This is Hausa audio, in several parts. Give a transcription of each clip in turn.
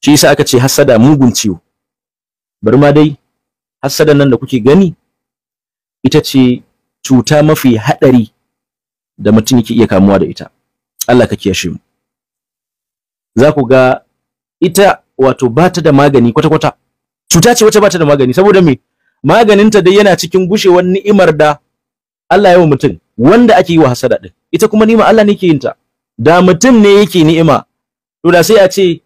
shi yasa aka ce hasada mugun ciwo bari ma dai hasadan nan da kuke gani ita ce cuta mafi haɗari da mutum yake iya kamuwa da ita Allah ka kiyashe mu za ku ga ita wato ba da magani kwata-kwata cuta ce wacce ba da magani saboda me maganinta dai yana cikin gushewar ni'imar da Allah ya wa mutum wanda ake yi wa hasada din ita kuma ni'ima Allah ne ke yin ta da mutum ne yake ni'ima to da sai a ce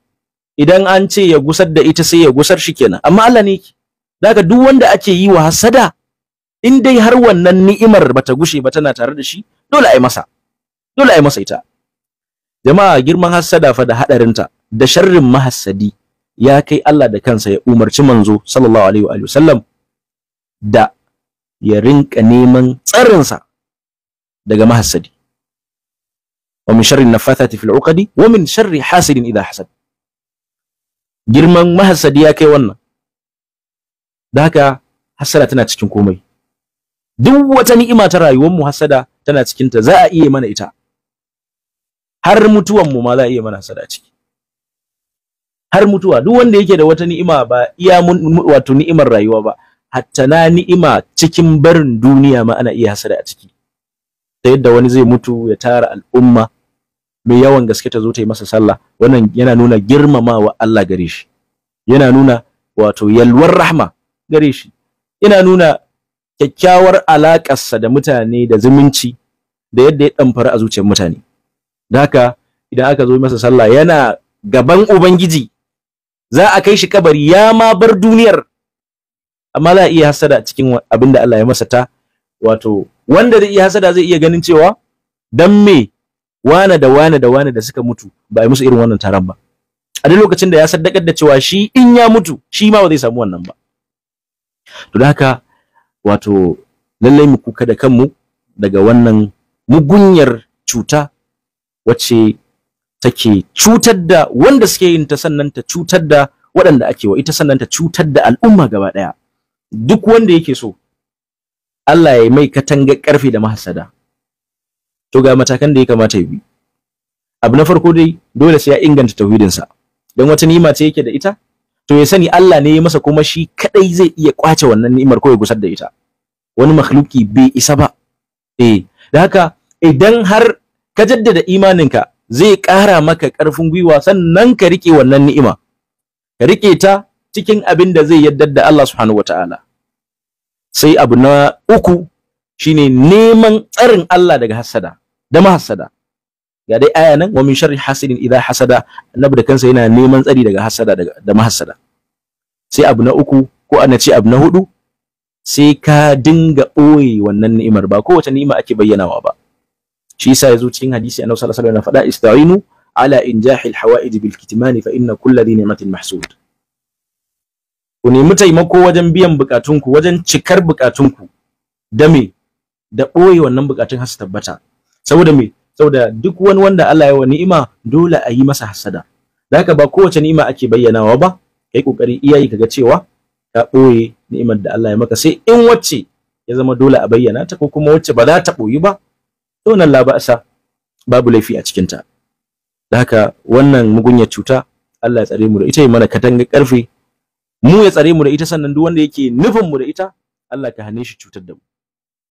idan an ce ya gusar da ita sai ya gusar shi kenan amma Allah ne daga duk wanda ake yi wa hasada in dai har wannan ni'imar bata gushe ba tana tare da shi dole ai masa dole ai masa ita jama'a girman hasada fa da hadarinta da sharrin mahassadi ya kai Allah da kansa ya umarci manzo sallallahu alaihi wa sallam da ya rinka neman tsarinsa daga mahassadi wa min sharri nafathati fil uqadi wa min sharri hasidin idha hasad girman mahasadi ya kai wannan da haka hasada tana cikin komai duk wata ni'ima ta rayuwar mu hasada tana cikin ta za a iya mana ita har mutuwan mu ma za a iya mana hasada ciki har mutuwa duk wanda yake da wata ni'ima ba iya wato ni'imar rayuwa ba hatta na ni'ima cikin barin duniya ma ana iya hasada a ciki ta yadda wani zai mutu ya tara al'umma mai yawan gaske ta zo ta yi masa sallah wannan yana nuna girmamawa Allah gare shi yana nuna wato yalwar rahma gare shi yana nuna kyakkyawar alaƙarsa da mutane da zumunci da yadda ya ɗamfara a zuciyar mutane da haka idan aka zo masa sallah yana gaban ubangiji za a kai shi kabari ya ma bar duniyar amma za a iya hasada cikin abin da Allah ya masa ta wato wanda zai iya hasada zai iya ganin cewa dan me wane da wane da wane da suka mutu ba a yi musu irin wannan taron ba a duk lokacin da ya saddakar da cewa shi in ya mutu shi ma ba zai samu wannan ba to da haka wato lallai mu kuka da kanmu daga wannan mugunyar cuta wacce take cutar da wanda suke yin ta sannan ta cutar da waɗanda ake wa ita sannan ta cutar da al'umma gaba ɗaya duk wanda yake so Allah ya mai katanga ƙarfi da mahasada to ga matakan da ya kamata ya bi abu na farko dai dole sai ya inganta tauhidin sa dan wata ni'ima ce yake da ita to ya sani Allah ne ya masa kuma shi kadai zai iya kwace wannan ni'imar ko ya gusar da ita wani makhluki bai isa ba eh da haka idan har ka jaddada imaninka zai ƙara maka karfin gwiwa sannan ka rike wannan ni'ima ka rike ta cikin abin da zai yaddar da Allah subhanahu wataala sai abu na uku shine neman tsarin Allah daga hassada da mahasada ga dai aya nan wa min sharri hasidin idha hasada annabi da kansa yana neman tsari daga hasada da mahasada sai abu na uku ko ana ce abu na hudu sai ka dinga ɓoye wannan ni'imar ba kowace ni'ima ake bayyanawa ba shi yasa yazo cikin hadisi annabi sallallahu alaihi wasallam faɗa ista'inu ala injahil alhawaij bil kitmani fa inna kulla dhi ni'matin mahsud ku nemi taimako wajen biyan bukatunku wajen cikar bukatunku da me da ɓoye wannan bukatun har su tabbata saboda me saboda duk wani wanda Allah ya wa ni'ima dole a yi masa hasada da haka ba kowace ni'ima ake bayyanawa ba kai kokari iyayi kaga cewa ka boye ni'imar da Allah ya maka sai in wacce ya zama dole a bayyana ta ko kuma wacce ba za ta boyi ba to nan labasa babu laifi a cikin ta da haka wannan mugunyar cuta Allah ya tsare mu da ita ya mana katanga karfe mu ya tsare mu da ita sannan duk wanda yake nufin mu da ita Allah ka hane shi cutar da mu